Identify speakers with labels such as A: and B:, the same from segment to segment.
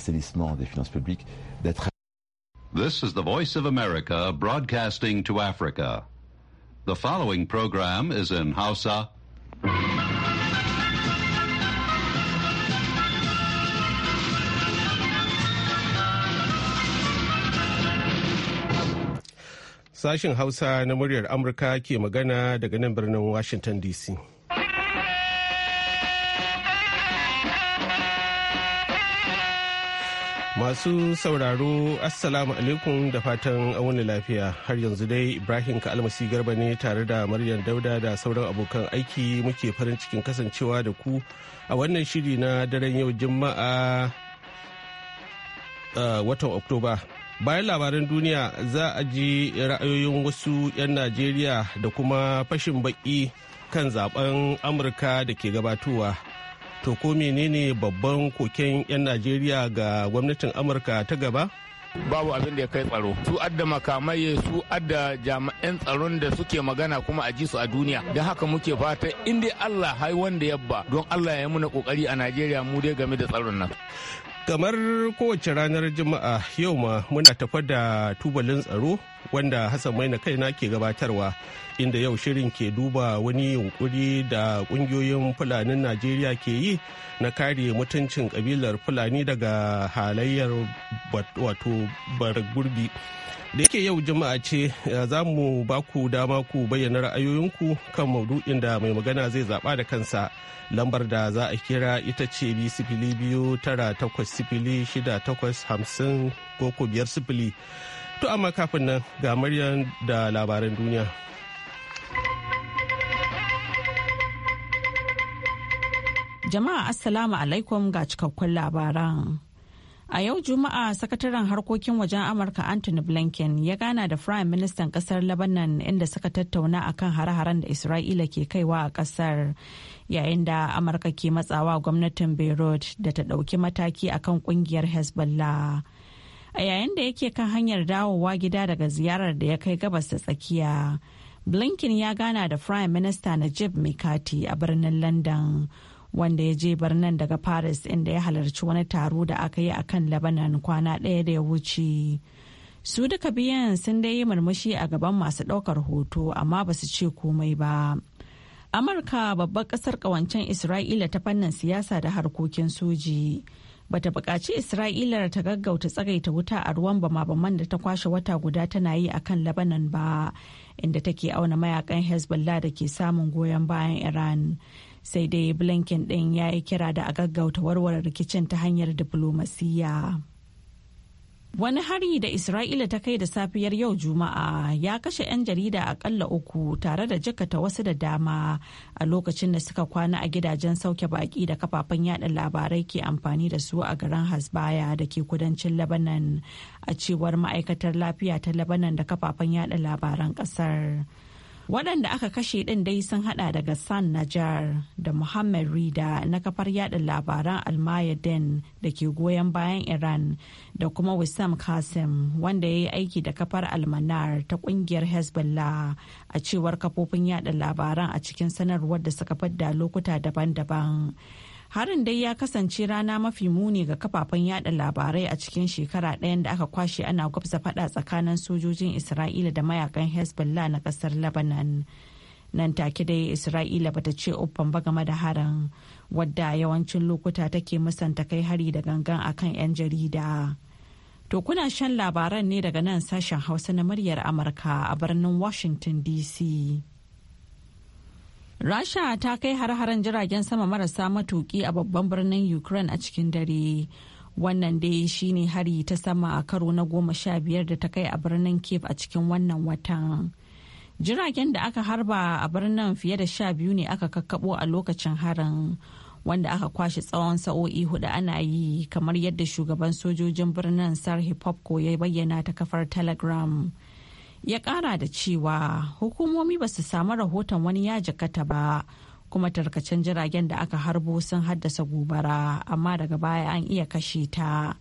A: assainissement des finances publiques, d'être
B: This is the Voice of America broadcasting to Africa. The following program is in Hausa.
C: Sashin Hausa na muryar Amurka ke magana daga nan birnin Washington DC. Masu sauraro Assalamu alaikum da fatan wani lafiya har yanzu dai Ibrahim ka almasi Garba ne tare da Maryam Dauda da sauran abokan aiki muke farin cikin kasancewa da ku a wannan shiri na daren yau Juma'a watan Oktoba. Bayan labaran duniya za a ji ra'ayoyin wasu 'yan Najeriya da kuma fashin baki kan zaben Amurka da ke gabatowa. to ko menene babban koken 'yan najeriya ga
D: gwamnatin amurka ta gaba babu abin da ya kai tsaro su adda makamai su adda jami'an tsaron da suke magana kuma a ji su a duniya don haka muke fata in dai Allah hai wanda yabba don Allah ya muna kokari a Najeriya mu dai game da tsaron nan kamar
C: kowace ranar juma'a yau ma muna tafa da tubalin tsaro wanda hassan maina kaina ke gabatarwa inda yau shirin ke duba wani yunkuri da kungiyoyin fulanin najeriya ke yi na kare mutuncin kabilar fulani daga halayyar wato bargurbi. gurbi da yake yau juma'a ce za mu ba ku dama ku bayyana ra'ayoyinku kan maudu'in da mai magana zai zaba da kansa lambar da za a kira ita ce bi sifili biyu tara takwas sifili shida takwas hamsin ko ku biyar sifili to amma kafin nan ga muryan da labaran duniya
E: jama'a assalamu alaikum ga cikakkun labaran A yau Juma'a sakataren harkokin wajen Amurka Anthony Blinken ya gana da Prime Ministan kasar Lebanon inda suka tattauna akan hare-haren da Isra'ila ke kaiwa a kasar yayin da Amurka ke matsawa gwamnatin Beirut da ta ɗauki mataki akan kungiyar Hezbollah. A yayin da yake kan hanyar dawowa gida daga ziyarar da ya kai gabas da tsakiya. Blinken ya gana da Prime Minister Najib Mikati a birnin London. wanda ya je birnin daga paris inda ya halarci wani taro da aka yi a kan labanan kwana ɗaya da ya wuce su duka biyan sun dai yi murmushi a gaban masu ɗaukar hoto amma ba su ce komai ba amurka babbar ƙasar ƙawancen isra'ila ta fannin siyasa da harkokin soji bata bukaci isra'ila ta gaggauta tsagaita wuta a ruwan bama-baman da ta kwashe wata guda tana yi akan labanan ba inda take auna mayakan hezbollah da ke samun goyon bayan iran sai dai blinken din ya yi kira da a gaggauta warware rikicin ta hanyar diflomasiyya. Wani hari da Isra'ila ta kai da safiyar yau Juma'a ya kashe 'yan jarida akalla uku tare da jikata wasu da dama a lokacin da suka kwana a gidajen sauke baki da kafafen yada labarai ke amfani da su a garin Hasbaya da ke kudancin Lebanon a cewar ma'aikatar lafiya ta Lebanon da kafafen yada labaran kasar. waɗanda aka kashe ɗin dai sun hada daga san Najar da Muhammad Rida na kafar yada labaran almayaden da ke goyon bayan Iran da kuma Wissam Kasim wanda ya yi aiki da kafar Almanar ta ƙungiyar Hezbollah a cewar kafofin yada labaran a cikin sanarwar da suka fadda lokuta daban-daban. harin dai ya kasance rana mafi muni ga kafafen yada labarai a cikin shekara ɗayan da aka kwashe ana gwabza fada tsakanin sojojin isra'ila da mayakan hezbollah na kasar lebanon nan take dai isra'ila bata ce uffan ba game da harin wadda yawancin lokuta take musanta kai hari da gangan akan 'yan jarida to kuna shan labaran ne daga nan sashen hausa na muryar amurka a birnin washington dc Rasha ta kai har-haren jiragen sama marasa matuki a babban birnin Ukraine a cikin dare. Wannan dai ne hari ta sama a karo na goma sha biyar da ta kai a birnin Kiev a cikin wannan watan. Jiragen da aka harba a birnin fiye da sha biyu ne aka kakkabo a lokacin harin. Wanda aka kwashe tsawon sa'o'i hudu ana yi kamar yadda shugaban sojojin birnin Sarhi Popko ya bayyana ta kafar Telegram. ya kara da cewa hukumomi ba su samu rahoton wani ya jakata ba kuma tarkacen jiragen da aka harbo sun haddasa gobara amma daga baya an iya kashe ta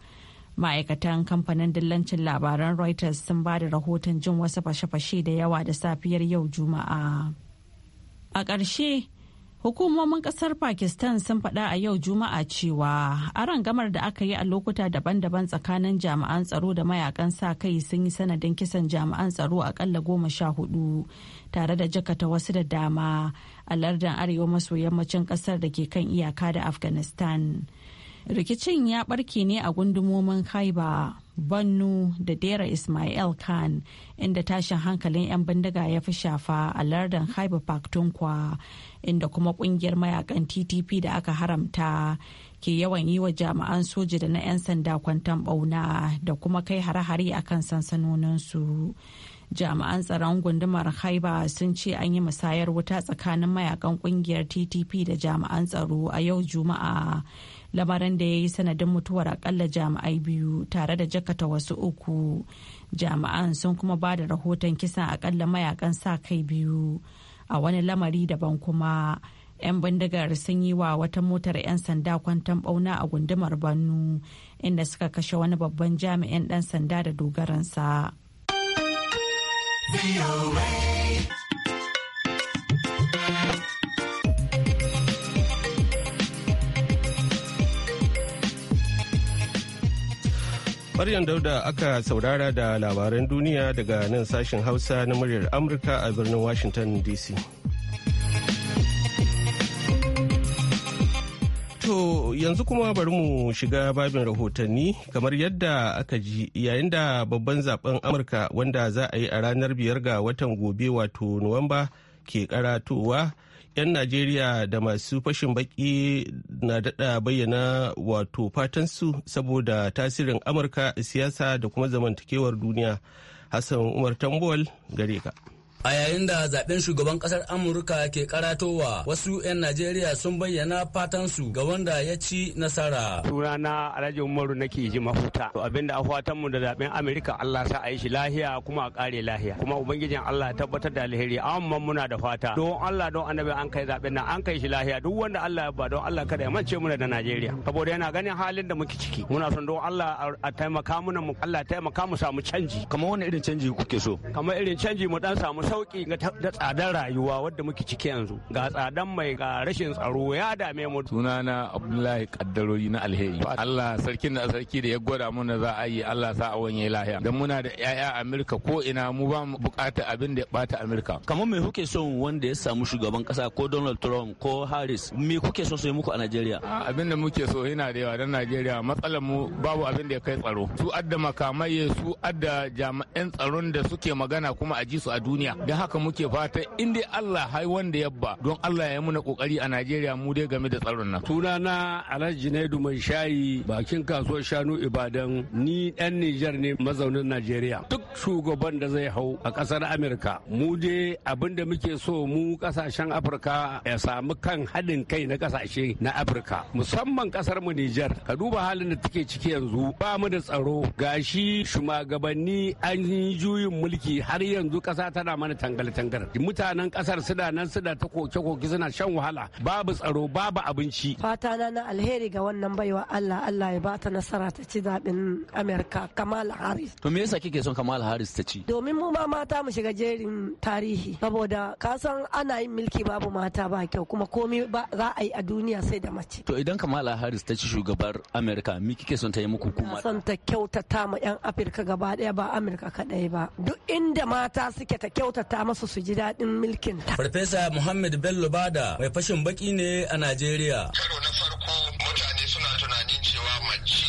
E: ma'aikatan kamfanin dillancin labaran reuters sun ba da rahoton jin wasu fashe-fashe da yawa da safiyar yau juma'a a ƙarshe Hukumomin kasar Pakistan sun faɗa a yau Juma'a cewa gamar da aka yi a lokuta daban-daban tsakanin jami'an tsaro da mayakan sa kai sun yi sanadin kisan jami'an tsaro akalla goma sha hudu tare da jakata wasu da dama a lardin arewa maso yammacin kasar da ke kan iyaka da Afghanistan. Rikicin ya barke ne a gundumomin Kaiba. bannu da dera ismail khan inda tashin hankalin 'yan bindiga ya fi shafa a lardin haiba Tunkwa inda kuma kungiyar mayakan ttp da aka haramta ke yawan yi wa jami'an soji da na 'yan sanda kwantan bauna da kuma kai hare-hare a kan sansanoninsu jami'an tsaron gundumar haiba sun ce an yi musayar wuta tsakanin mayakan kungiyar ttp da jami'an tsaro a yau juma'a lamarin da ya yi sanadin mutuwar akalla jami'ai biyu tare da jakata wasu uku jami'an sun kuma ba da rahoton kisan akalla mayakan sa kai biyu a wani lamari daban kuma 'yan bindigar sun yi wa wata motar 'yan sanda kwantan bauna a gundumar bannu inda suka kashe wani babban jami'in dan sanda da dogaransa.
C: Maryam Dauda aka saurara da labaran duniya daga nan sashen Hausa na muryar Amurka a birnin Washington DC. To yanzu kuma bari mu shiga babin rahotanni kamar yadda aka ji yayin da babban zaben Amurka wanda za a yi a ranar biyar ga watan gobe wato Nuwamba ke karatowa. 'yan najeriya da masu fashin baki na dada bayyana wato fatan su saboda tasirin amurka siyasa da kuma zamantakewar duniya hassan umar Tambuwal gare ka.
D: A yayin da zaben shugaban kasar Amurka ke karatowa wasu 'yan Najeriya
F: sun bayyana fatansu ga wanda ya ci nasara. Sunana Alhaji Umaru nake ji mafuta. To abinda a mu da zaben Amurka Allah sa a yi shi lahiya kuma a kare lahiya. Kuma ubangijin Allah tabbatar da alheri. Amma muna da fata. Don Allah don annabi an kai zaben nan an kai shi lahiya. Duk wanda Allah ya ba don Allah kada ya mace muna da Najeriya. Saboda yana ganin halin da muke ciki. Muna son don Allah a taimaka mu Allah taimaka mu samu canji. Kamar wani irin canji kuke so? Kamar irin canji mu dan samu sauki da tsadar rayuwa wadda muke ciki yanzu ga tsadan mai ga rashin tsaro ya dame mu na abdullahi kaddarori na alheri
D: Allah sarkin da sarki da ya gwada mana za a yi Allah sa a wanye lahiya dan muna da yaya Amerika ko ina mu ba mu bukata abin da ya bata Amerika kamar me kuke son wanda ya samu shugaban kasa ko Donald Trump ko Harris me kuke so su muku a Najeriya abin da muke so yana da yawa dan Najeriya matsalar mu babu abin da ya kai tsaro su adda makamai su adda jami'an tsaron da suke magana kuma a ji su a duniya don haka muke fata in dai Allah hai wanda yabba don Allah ya muna kokari a Najeriya
F: mu dai game da tsaron nan sunana Alhaji Naidu mai shayi bakin kasuwar shanu Ibadan ni dan Nijar ne mazaunin Najeriya duk shugaban da zai hau a kasar Amerika mu dai abinda muke so mu kasashen Afirka ya samu kan haɗin kai na kasashe na Afirka musamman kasar mu Nijar ka duba halin da take ciki yanzu ba mu da tsaro gashi shugabanni an yi juyin mulki har yanzu kasa tana mana mana tangal tangar mutanen kasar suna nan suna ta koke-koke suna shan wahala babu tsaro babu abinci
E: fata na na alheri ga wannan baiwa Allah Allah ya bata nasara ta ci zaben Amerika Kamal Harris
D: to me yasa kike son Kamal Harris ta ci
E: domin mu ma mata mu shiga jerin tarihi saboda ka san ana yin mulki babu mata ba kyau kuma komai za a yi a duniya sai da mace
D: to idan Kamala Harris ta ci shugabar Amerika me kike son ta yi muku kuma son
E: ta kyautata ma yan Afirka gaba daya ba Amerika kadai ba duk inda mata suke ta kyautata Ta masa su ji daɗin mulkin
D: ta. Farfesa Muhammad Bello Bada mai fashin baki ne a
F: Najeriya. Karo na farko mutane suna tunanin cewa mace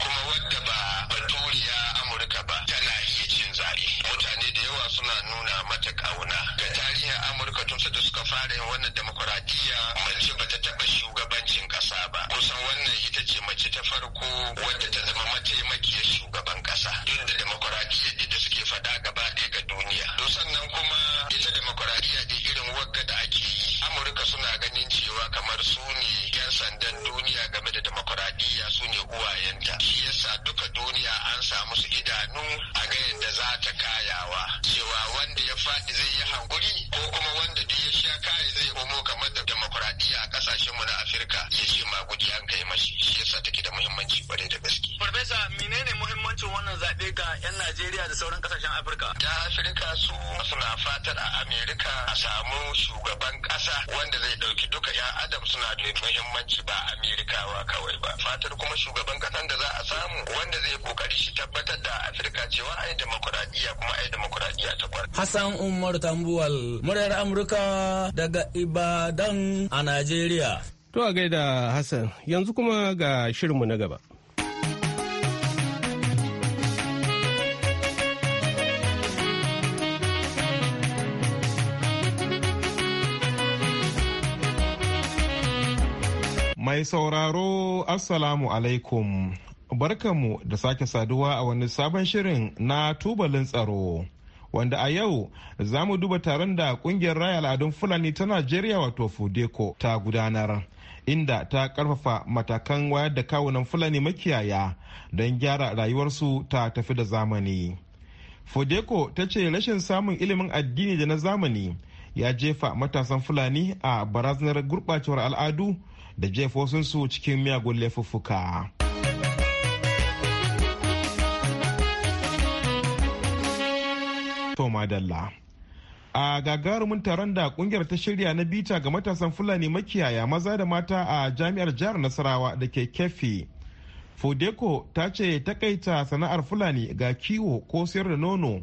F: kuma wadda ba
B: baturiya Amurka ba tana iya cin zaɓe. Mutane da yawa suna nuna mata ƙauna. Ga tarihin Amurka tun da suka fara yin wannan demokuraɗiyya mace ba ta taɓa shugabancin ƙasa ba. Kusan wannan ita ce mace ta farko wadda ta zama mataimakiyar shugaban ƙasa. Duk da demokuraɗiyyar da suke faɗa hannu a ga yadda za ta kayawa cewa wanda ya faɗi zai yi hankuri ko kuma wanda duk ya sha kaya zai komo kamar da demokuraɗiyya a kasashen mu na afirka ya ce guji an kai mashi shi yasa take da muhimmanci kwarai da gaske. farfesa menene muhimmancin wannan zaɓe ga 'yan najeriya da sauran kasashen afirka. ya afirka su suna fatar a amerika a samu shugaban ƙasa wanda zai ɗauki duka 'yan adam suna da muhimmanci ba amerikawa kawai ba. fatar kuma shugaban kasan da za a samu wanda zai kokari shi tabbatar da afirka cewa ai demokuraɗiyya kuma ai demokuraɗiyya ta
D: kwar. hassan umar tambuwal muryar amurka daga ibadan a najeriya.
C: to a gaida hassan yanzu kuma ga shirinmu na gaba.
A: Mai sauraro Assalamu alaikum. Barkanmu da sake saduwa a wani sabon shirin na tubalin tsaro. Wanda a yau za mu duba taron da kungiyar raya al'adun Fulani ta Najeriya wato Fudeko ta gudanar. Inda ta karfafa matakan wayar da kawunan Fulani makiyaya don gyara rayuwarsu ta tafi da zamani. Fudeko ta ce rashin samun ilimin addini da na zamani ya jefa matasan Fulani a barazanar gurɓacewar al'adu da jefa su cikin miyagun laifuffuka. a gagarumin taron da kungiyar ta shirya na bita ga matasan fulani makiyaya maza da mata a jami'ar jihar nasarawa da ke kefi fodeko ta ce takaita sana'ar fulani ga kiwo ko sayar da nono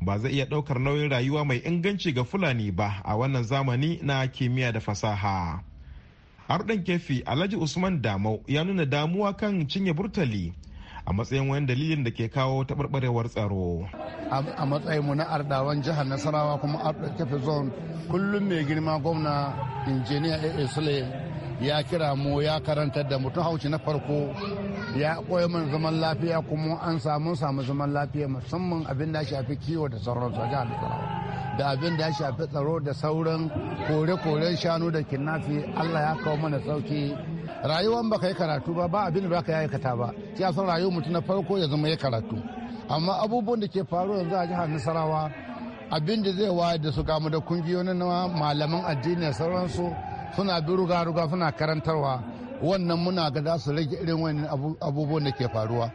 A: ba zai iya daukar nauyin rayuwa mai inganci ga fulani ba a wannan zamani na kimiyya da fasaha arɗan kefi alhaji usman damau ya nuna damuwa kan cinye burtali a matsayin wani dalilin da ke kawo taɓarɓarewar tsaro
D: a matsayin mu na ardawan jihar nasarawa kuma arɗan kefi zone kullum mai girma gwamna injiniya a sule ya kira mu ya karantar da mutum hauci na farko ya koya man zaman lafiya kuma an samu samu zaman lafiya musamman abin da shafi kiwo da sauransu a jihar nasarawa da abin da ya shafi tsaro da sauran kore-koren shanu da kinnafi allah ya kawo mana sauki rayuwan ba ka yi karatu ba ba abin da ba ka yi aikata ba shi ya san rayuwar mutum na farko ya zama ya karatu amma abubuwan da ke faruwa yanzu a jihar nasarawa abin da zai wayar da su gamu da kungiyoyin na malaman addini da sauransu suna bi ruga-ruga suna karantarwa wannan muna ga za su rage irin wani abubuwan da ke faruwa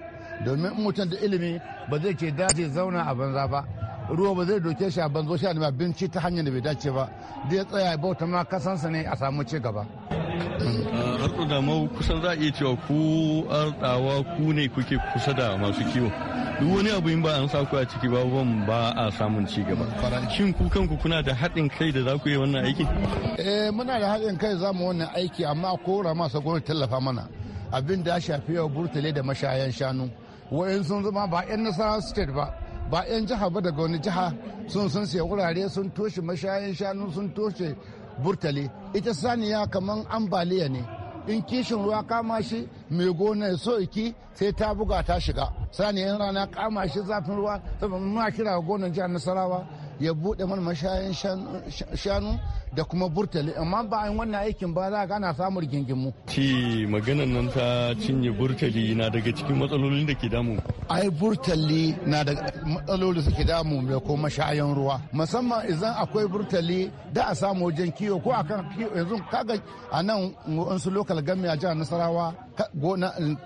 D: domin mutum da ilimi ba zai ke daji zauna a banza ba ruwa ba zai doke shi a banzo shi a binci ta hanyar da bai dace ba da ya tsaya bauta ma kasansa ne a samu ci gaba.
F: Eh, har da mau kusan za a iya cewa ku arɗawa ku ne kuke kusa da masu kiwo duk wani abu in ba an sa ku a ciki ba ba a samun ci gaba shin ku kanku kuna da haɗin kai da za ku yi wannan aikin
D: eh muna da haɗin kai za mu wannan aiki amma kora masa gwamnati tallafa mana abin da ya shafi yau burtale da mashayan shanu wa'in sun zama ba 'yan nasarar state ba ba 'yan jiha ba daga wani jiha sun sun siya wurare sun toshe mashayan shanu sun toshe burtali ita saniya kamar ambaliya ne in kishin ruwa kama shi mai gona so iki sai ta buga ta shiga saniyan rana kama shi zafin ruwa saboda muna kira gonan jihar nasarawa ya buɗe mana mashayin shanu da kuma burtali amma bayan wannan aikin ba za ana samun rigingimu.
F: ci maganan nan ta cinye burtali na daga cikin matsalolin da ke damu.
D: ai burtali na da matsaloli ke damu da ko mashayan ruwa musamman idan akwai burtali da a samu wajen kiwo ko akan kiwo yanzu kaga a nan wasu lokal gami a jihar nasarawa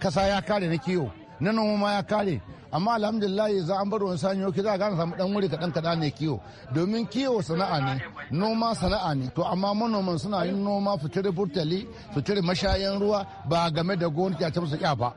D: kasa ya kare na kiwo na noma ma ya kare amma alhamdulillah za an bar wani sanyo ki za ka samu dan wuri kaɗan kaɗan ne kiwo domin kiwo sana'a ne noma sana'a ne to amma manoman suna yin noma fitiri burtali fitiri mashayan ruwa ba game da gwamnati a musu kya ba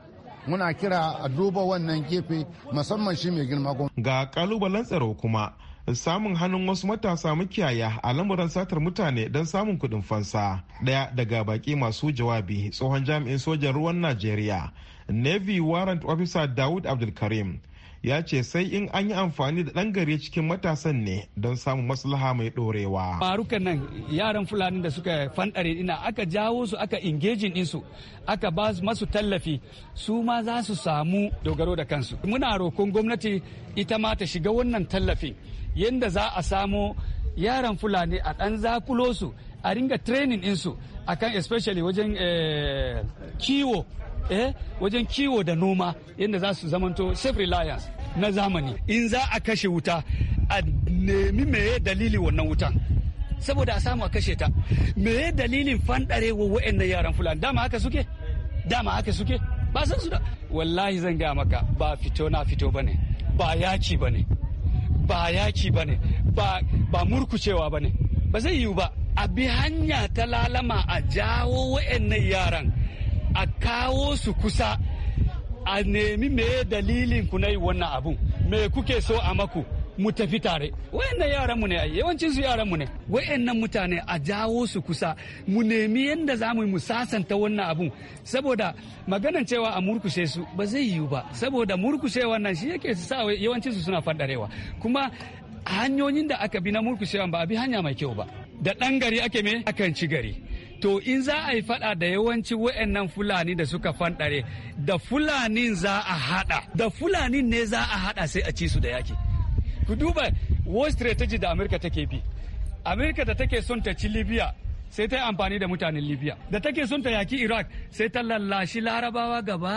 D: muna kira a duba wannan gefe musamman shi mai girma ga kalubalen tsaro kuma samun hannun wasu
A: matasa makiyaya a lamuran satar mutane don samun kudin fansa daya daga baki masu jawabi tsohon jami'in sojan ruwan najeriya navy warrant officer dawud abdulkarim ya ce sai in an yi amfani da ɗan gare cikin matasan ne don samun
F: maslaha mai
A: dorewa.
F: farukan nan yaran fulani da suka fanɗare ina aka jawo su aka ingejin ɗinsu aka ba masu tallafi su ma za su samu dogaro da kansu muna rokon gwamnati ita ma ta shiga wannan tallafi yadda za a samo yaran fulani a ɗan zakulo su a ringa training ɗinsu akan especially wajen eh, kiwo eh wajen kiwo da noma yadda za su zamanto safe reliance na zamani in za a kashe wuta a nemi meye dalili wannan wutan saboda a samu a kashe ta meye dalilin wa wa'annan yaran fulani dama haka suke dama haka suke ba san su da wallahi zan gaya maka ba fito na fito bane ba yaki bane ba yaki bane ba ba murkucewa bane ba zai yiwu ba a bi hanya ta lalama a jawo wa'annan yaran a kawo su kusa a nemi me dalilin ku na wannan abun me kuke so a maku mu tafi tare wayannan yaran mu ne ai yawancin su yaran mu ne wayannan mutane a jawo su kusa mu nemi yanda zamu mu sasanta wannan abun saboda maganan cewa a murkushe su ba zai yiwu ba saboda murkushe wannan shi yake sa yawancin su suna fadarewa kuma hanyoyin da aka bi na murkushewa ba a bi hanya mai kyau ba da ɗan gari ake me akan ci gari to in za a yi fada da yawanci wa'annan fulani da suka fanɗare da fulani za a hada da fulanin ne za a hada sai a ci su da yaki ku duba war strategy da amurka take bi amurka da take son ta ci libya sai ta yi amfani da mutanen libya da take son ta yaki iraq sai ta lallashi larabawa gaba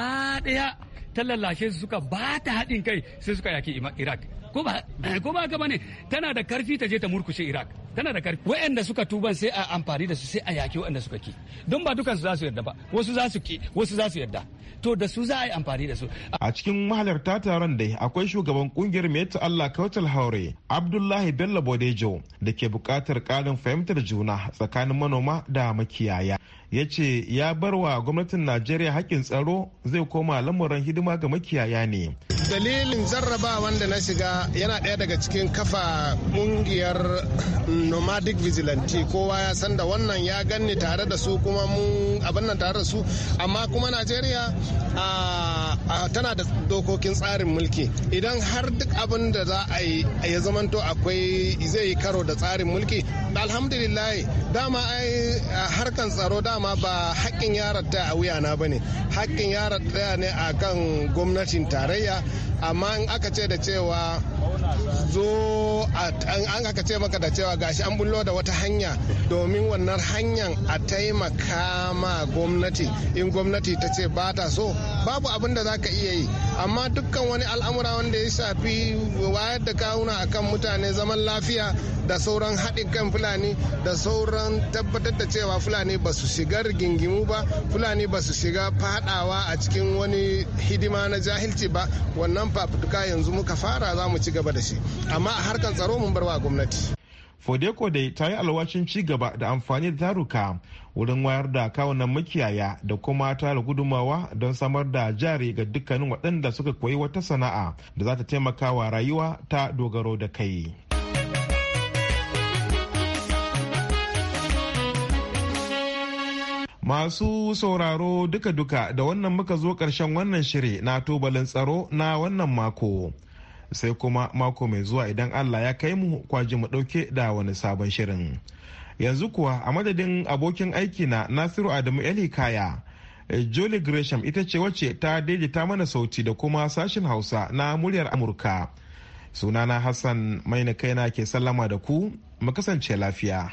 F: daya ta lallashe su suka ba ta haɗin kai sai suka yaki iraq ko ba ko haka bane tana da karfi ta je ta murkushe Iraq tana da karfi waɗanda suka tuban sai a amfani da su sai a yaki waɗanda suka ki don ba dukansu za su yarda ba wasu za su ki wasu za su yarda to da su za a yi amfani da su. A cikin
A: mahalarta taron dai akwai shugaban kungiyar Meta Allah Kautal Haure Abdullahi Bello Bodejo da ke buƙatar ƙarin fahimtar juna tsakanin manoma da makiyaya. Ya ce ya bar wa gwamnatin Najeriya hakkin tsaro zai koma lamuran hidima ga makiyaya ne.
G: Dalilin zarraba wanda na shiga yana ɗaya daga cikin kafa ƙungiyar nomadic vigilante kowa ya san da wannan ya ganni tare da su kuma mun abin nan tare da su amma kuma Najeriya tana da dokokin tsarin mulki idan har duk abin da za a yi ya zamanto akwai zai yi karo da tsarin mulki alhamdulillah dama ai harkan tsaro dama ba haƙƙin yaran ta a wuyana ba ne haƙƙin yaran ta ne a kan gwamnatin tarayya amma in aka ce da cewa zo an aka ce maka da cewa gashi an bullo da wata hanya domin wannan hanyar a taimaka ma gwamnati in gwamnati ta ce ba so babu abin da za ka iya yi amma dukkan wani al'amura wanda ya shafi wayar da kawuna a kan mutane zaman lafiya da sauran haɗin kan fulani da sauran tabbatar da cewa fulani ba su shiga rigingimu ba fulani ba su shiga fadawa a cikin wani hidima na jahilci ba wannan fafutuka yanzu muka fara za mu ci gaba da shi amma a harkar tsaro mun bar wa gwamnati
A: Fodeko dai ta yi alwashin ci gaba da amfani da taruka wurin wayar da kawunan makiyaya da kuma tara gudumawa don samar da jari ga dukkanin waɗanda suka koyi wata sana'a da za ta taimaka wa rayuwa ta dogaro da kai. Masu sauraro duka-duka da wannan muka zo ƙarshen wannan shiri na tubalin tsaro na wannan mako. sai kuma mako mai zuwa idan allah ya kai mu kwaji mu ɗauke da wani sabon shirin yanzu kuwa a madadin abokin aiki na nasiru adamu eli kaya eh, Jolly Gresham ita ce wacce ta daidaita mana sauti da kuma sashin Hausa na muryar Amurka. Sunana Hassan na kaina ke sallama da ku, mu kasance lafiya.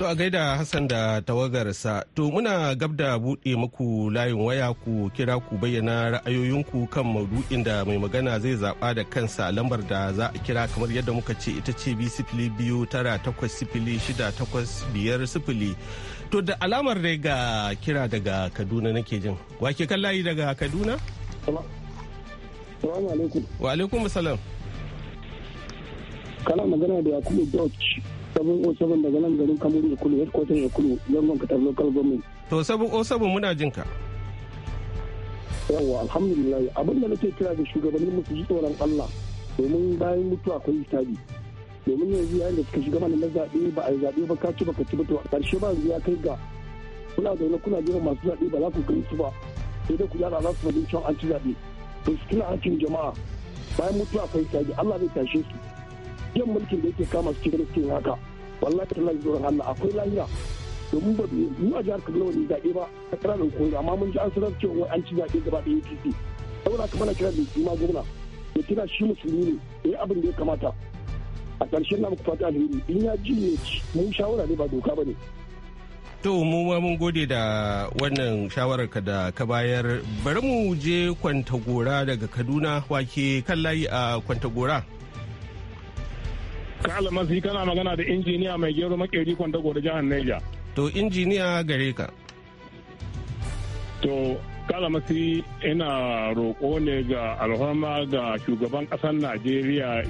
C: To a gaida Hassan da tawagarsa, to muna gab da buɗe muku layin waya ku kira ku bayyana ra'ayoyinku kan maudu'in da mai magana zai zaɓa da kansa lambar da za a kira kamar yadda muka ce ita ce bi sifili biyu tara takwas sifili shida takwas biyar sifili. To da alamar dai ga kira daga Kaduna nake jin. Wake kan layi daga Kaduna? Wa alaikum salam.
G: Kana magana da Yakubu George. 707 daga nan garin Kamaru Ikulu,
C: headquarter Ikulu, zangon Katar local government. To 707 muna jin ka.
F: Yawwa alhamdulillah abin da nake kira da shugabannin musu ji tsoron Allah domin bayan mutuwa akwai tabi Domin yanzu yayin da suka shiga mana na zaɓe ba a zaɓe ba ka ci ba ka ci ba to a ƙarshe ba yanzu ya kai ga kuna zaune kuna jiran masu zaɓe ba za ku gani su ba sai dai ku yara za su cewa an ci zaɓe. To su tuna hakkin jama'a bayan mutuwa akwai tabi Allah zai tashe su. yan mulkin da yake kama su cikin cikin haka wallahi ta lafi zuwan Allah akwai lahira domin ba mu a jihar Kaduna wani zaɓe ba a kiran da koyi amma mun ji an sanar cewa an ci zaɓe gaba da APC saboda haka mana kira da shi ma gwamna ya kira shi musulmi ne ya abin da ya kamata a ƙarshen na muku fata alheri in ya ji ne mun shawara ne ba doka ba ne
C: To mu ma mun gode da wannan shawarar ka da ka bayar bari mu je kwantagora daga Kaduna wake kan layi a kwantagora.
G: ka alamasi kana magana da injiniya mai gero makeri kwandago da jihar Neja.
C: To injiniya gare ka.
B: To kalamasi ina roƙo ne ga alhama ga shugaban ƙasar Najeriya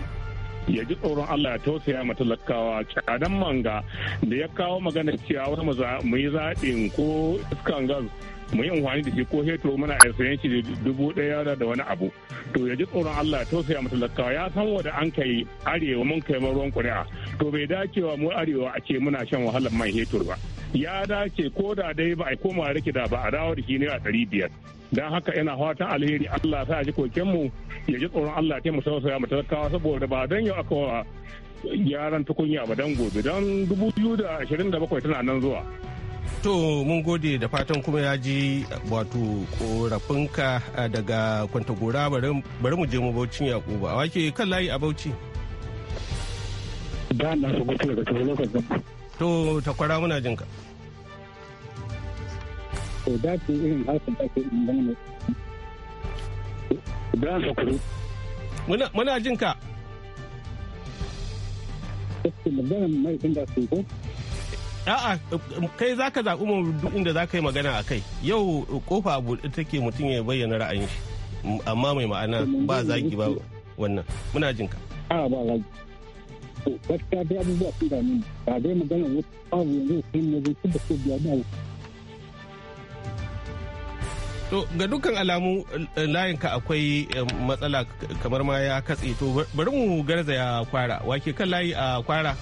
C: ya ji tsoron Allah ya tausaya ma talakawa cadan manga da ya kawo magana cewa wani mu yi zaɓin ko iskan gas mu yi amfani da shi ko hetro muna sayan shi da dubu daya da wani abu to ya ji tsoron Allah tausaya masa talakawa ya san wanda an kai arewa mun kai ruwan ƙuri'a to bai dacewa mu arewa a ce muna shan wahalar man hetro ba ya dace ko da dai ba a koma rike da ba a dawo da shi ne a ɗari biyar don haka yana fatan alheri Allah sa ji kokenmu ya ji tsoron Allah ta mu mu talakawa saboda ba
B: don yau aka yaran tukunya ba don gobe don dubu biyu tana nan zuwa
C: To mun gode da fatan kuma ya ji wato korafinka eh, daga kwantagora bari mu je mu baucin Yakuba. A wake kan layi a bauchi. Da na su bauchi daga cikin lokacin. To takwara muna jin ka.
F: To da su irin harkar da ke ne.
C: Da su kuri. Muna jin ka.
E: Gaskiya magana mai tun su ko.
C: a'a kai za ka zaɓi mu duk inda za ka yi magana a kai yau kofa abu take mutum ya bayyana ra'ayin shi amma mai ma'ana ba zagi ba wannan muna jin ka
F: a ba zagi gaskiya dai abubuwa sun dami ba dai magana wasu abu yanzu sun ne zai da su biya da
C: To ga dukkan alamu eh, layin ka akwai eh, matsala kamar ma ya katse to bari mu garzaya kwara wake kan layi a kwara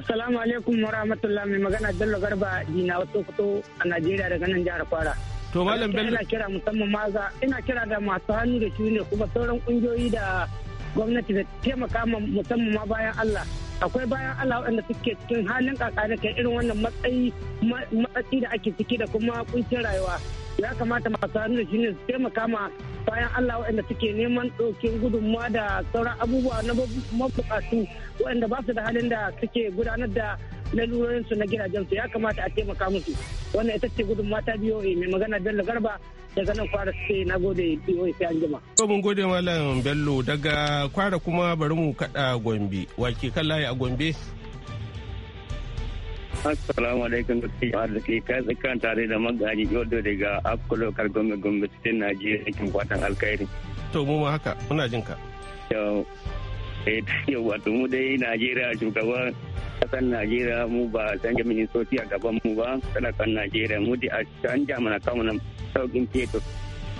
F: Assalamu alaikum wa rahmatullah mai magana Bello Garba Dina wato a Najeriya daga nan jihar Kwara. To Malam Bello. Ina kira musamman maza ina kira da masu hannu da shi ne kuma sauran kungiyoyi da gwamnati da taimaka musamman ma bayan Allah. akwai bayan Allah waɗanda suke cikin halin kakare irin wannan matsayi matsayi da ake ciki da kuma kuncin rayuwa ya kamata masu hannu da shi ne su taimaka ma bayan Allah waɗanda suke neman ɗaukin gudunmawa da sauran abubuwa na mabukatu waɗanda ba su da halin da suke gudanar da lalurorinsu na gidajensu ya kamata a taimaka musu wannan ita ce gudunmawa ta biyo mai magana Bello Garba
B: daga nan kwara suke na gode biyo sai an jima.
C: To gode Malam Bello daga kwara kuma bari mu kaɗa Gombe wake kan layi a Gombe.
F: Assalamu alaikum Dr. Arziki kai tsakan tare da magani Jodo daga Akko Lokar Gombe Gombe cikin Najeriya cikin kwatan alkhairi. To mu ma haka muna jin ka. Yau eh, wato mu dai Najeriya shugaban kasan Najeriya mu ba canja soti a gaban mu ba talakan Najeriya mu da a canja mana kanmu nan saukin fetur.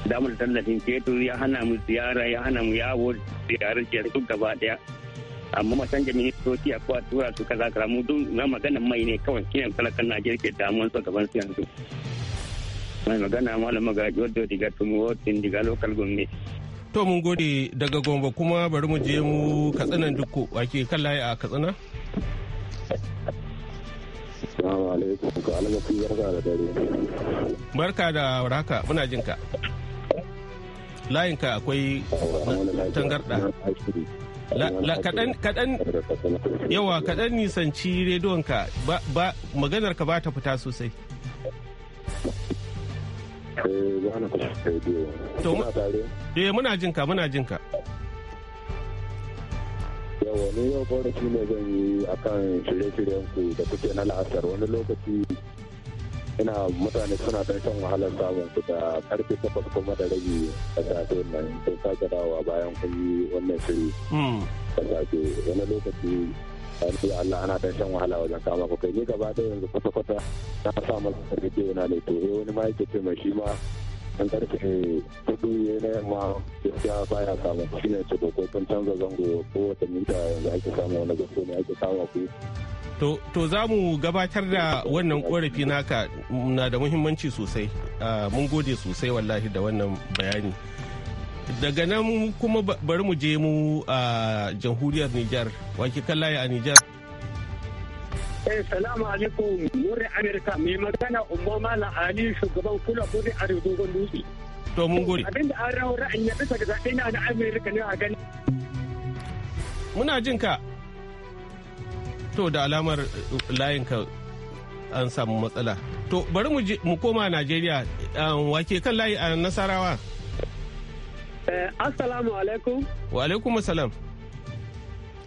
F: Damar tallafin fetur ya hana mu ziyara ya hana mu yawo ziyarar jiyar duk gaba daya. amma matan da ministoci a kowa tura su kaza kaza mu duk na magana mai ne kawai shine talakan Najeriya ke damuwar su gaban su yanzu mai magana malam magaji wadda diga tumu wotin diga lokal gombe.
C: to mun gode daga gombe kuma bari mu je mu katsinan dukku wake kan layi a katsina barka da dare. da warhaka muna jinka ka. Layin ka akwai tangarda. kaɗan yawa kaɗan nisanci rediyonka maganar ka ba ta fita sosai to eh, muna jinka muna jinka
B: yawa ni yau korafi ne zan yi akan shirye-shiryen ku da kuke na la'asar wani lokaci ina mutane suna ta shan wahalar samun su da karfe takwas kuma da rage a safe nan sai sake dawowa bayan kun yi wannan shiri hmm. a safe wani lokaci ce Allah ana dan shan wahala wajen kama ku kai ni gaba ɗaya yanzu kwata-kwata na sa masa ke yana ne to sai eh, wani ma yake ce mai shi ma an karfe hudu eh, ya na yamma gaskiya baya samu shi ne ce kokon canza zango ko wata mita yanzu ake samu wani zango ne ake samu ku.
C: To, za mu gabatar da wannan korafi naka mm, na da muhimmanci sosai ah, mun gode sosai wallahi da wannan bayani. Daga nan kuma bari mu je mu a ah, jamhuriyar Nijar, wake kan a Nijar.
F: Eh, salamu alaikum, muri Amerika mai magana umar Mala Ali shugaban kula kudi a dogon dutse. To mun gode. Abin da an rawar ra'ayi ya bisa ga zaɓe na Amerika ne a gani.
C: Muna jin ka. To da alamar eh, layin ka an samu matsala. To bari mu koma Najeriya wake kan layi a Nasarawa.
F: Eh, assalamu alaikum.
C: Wa alaikum salam.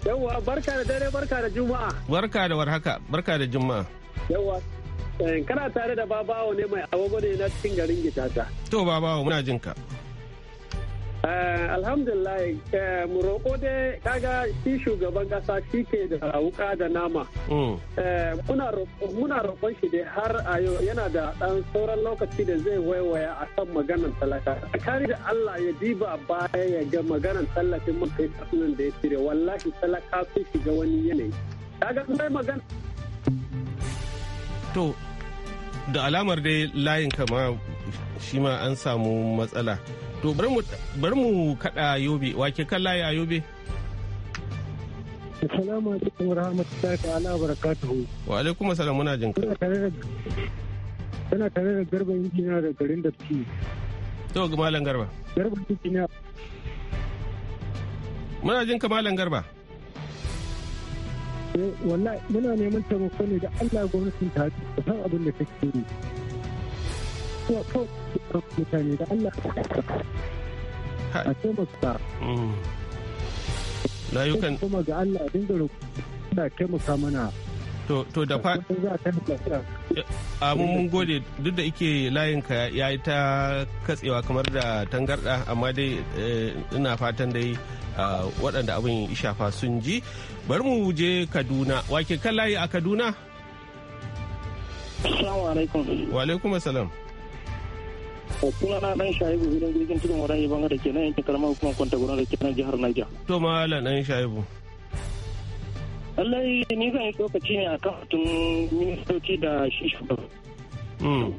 F: Yawwa barka da dare barka da juma'a.
C: Barka da warhaka barka da juma'a.
F: Yawwa eh, kana tare da babawa ne mai agogo ne na cikin garin gitata.
C: To babawo muna jinka. ka.
F: Eh, alhamdulillah eh, mu roƙo dai kaga shi shugaban kasa shi ke da wuka da nama mm. eh, muna roƙon shi dai har a yau yana da ɗan sauran lokaci da zai waiwaya a kan maganan talaka kari da allah ya diba baya ya ga maganan tallafin man kai nan da ya cire wallahi talaka sun shiga wani yanayi kaga mai magana
C: to da alamar dai layin kama shi ma an samu matsala To bari mu kada yobe, wake kalla ya yobe?
B: Assalamu alaikum rahmatullahi ta'ala barakatuhu.
C: Wa alaikum assalam muna jin kai.
F: Tana tare da garba injiniya da garin da fi.
C: To ga malam garba. Garba injiniya. Muna jin ka malam garba.
F: Eh, wallahi muna neman taimako ne da Allah gwamnatin ta san abin da take yi. kan mutane da Allah a taimaka
C: layukan mm. kuma ga Allah dinga da taimaka mana to to da fa a mun gode duk da ike layinka ya yi ta katsewa kamar da tangarda amma dai eh, ina fatan dai ah, waɗanda abin shafa sun ji bari mu je kaduna wake kan layi a kaduna Assalamu alaikum. Wa alaikum assalam. suna na dan shaibu gidan jirgin tudun wadan yaban da ke nan yankin karamar hukumar kwanta gurin da ke nan jihar Niger. To malam dan shaibu.
B: Lallai ni zan yi tsokaci ne a kan batun ministoci da shi shugaban. Hmm.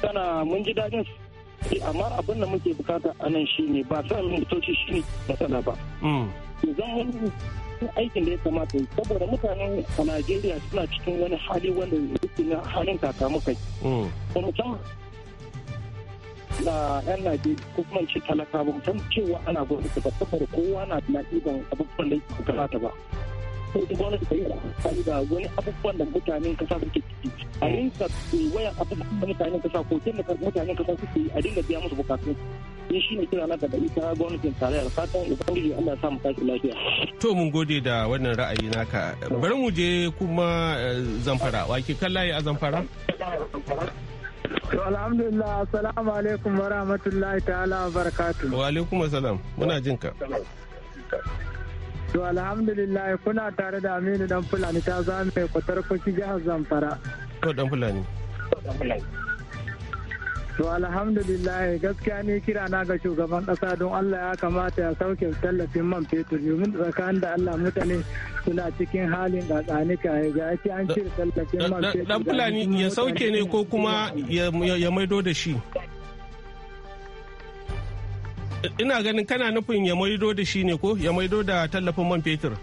B: Kana mun ji
C: daɗin amma abin da muke bukata a nan shi ne ba sa ministoci shi ne matsala ba.
F: Hmm. Zan aikin da ya kamata saboda mutane a Najeriya suna cikin wani hali wanda ya halin kakamukai. Kuma hmm. na yan najeriya ko kuma ce talaka ba mutum cewa ana gwamnati ba saboda kowa na na iban abubuwan da ya kamata ba ko ta gwamnati ta yi da wani abubuwan da mutanen kasa suke ciki a rinka wayan abubuwan da mutanen kasa ko kin da mutanen kasa suke yi a dinga biya musu bukatun in shi ne kira na daga ita gwamnatin tarayyar fatan ubangiji Allah ya sa mu tashi lafiya.
C: To mun gode da wannan ra'ayi naka bari mu je kuma eh, zamfara wake ke kallaye a zamfara.
F: To alhamdulillah assalamu alaikum wa rahmatullahi ta'ala wa
C: barakatuh. Wa alaikum assalam muna jin ka.
F: To alhamdulillah kuna tare da Aminu dan Fulani ta zame kwatar kwaki jihar Zamfara. To dan Fulani. To alhamdulillah gaskiya ne kira na ga shugaban kasa don Allah ya kamata ya sauke tallafin man fetur domin tsakanin da Allah mutane suna cikin halin ya ga ake an cire tallafin man fetur. Dan Fulani ya sauke ne ko kuma
C: ya maido da shi? Ina ganin kana nufin ya maido da shi ne ko ya maido da tallafin man fetur?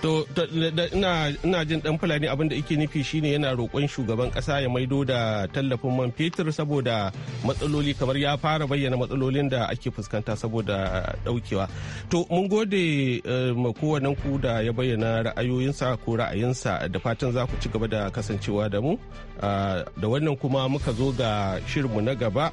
C: To ina jin dan Fulani abin da yake nufi shine yana roƙon shugaban ƙasa ya maido da tallafin man fetur saboda matsaloli kamar ya fara bayyana matsalolin da ake fuskanta saboda ɗaukewa. To mun gode eh, ma kowannen ku da ya bayyana ra'ayoyinsa ko ra'ayinsa da fatan za ku ci gaba da kasancewa da mu. Ah, da wannan kuma muka zo ga shirinmu na gaba.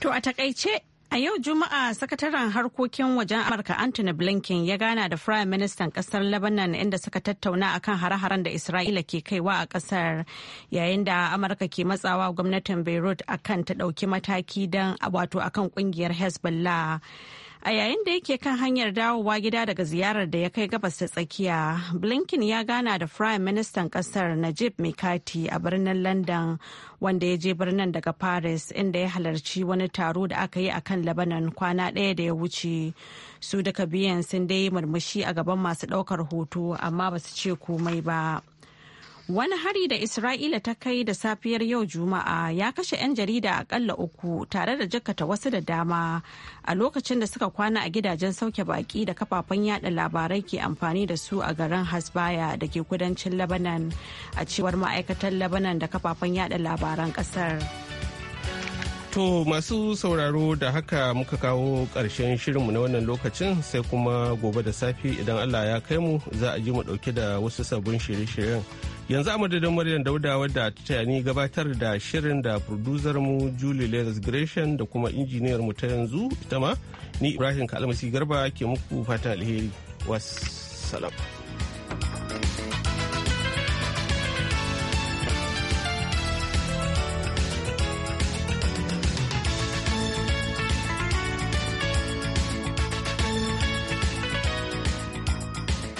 E: To a takaice A yau Juma'a sakataren harkokin wajen Amurka Anthony Blinken ya gana da Prime Ministan kasar Lebanon inda suka tattauna akan hare-haren da Isra'ila ke kaiwa a kasar yayin da Amurka ke matsawa gwamnatin Beirut akan ta ɗauki mataki don wato akan kungiyar Hezbollah. A yayin da yake kan hanyar dawowa gida daga ziyarar da ya kai gabas ta tsakiya, Blinken ya gana da Prime Ministan kasar Najib Mikati a birnin London wanda ya je birnin daga Paris inda ya halarci wani taro da aka yi a kan Lebanon kwana ɗaya da ya wuce. Su duka biyan sun dai murmushi a gaban masu ɗaukar hoto amma ba su ce komai ba. Wani hari da Isra'ila ta kai da safiyar yau Juma'a ya kashe 'yan jarida akalla uku tare da jakata wasu da dama a lokacin da suka kwana a gidajen sauke baki da kafafen yada labarai ke amfani da su a garin Hasbaya da ke kudancin Lebanon a cewar ma'aikatan Lebanon da kafafen yada labaran kasar.
C: To masu sauraro da haka muka kawo ƙarshen shirinmu na wannan lokacin sai kuma gobe da safe idan Allah ya kai mu za a ji mu ɗauke da wasu sabbin shirye-shiryen. Yanzu a madadin Maryam Dauda wadda ta ni gabatar da shirin da producer mu Julie Lewis Gresham da kuma injiniyar mu ta yanzu ita ma ni Ibrahim Kalmasi Garba ke muku fata alheri. Wassalam.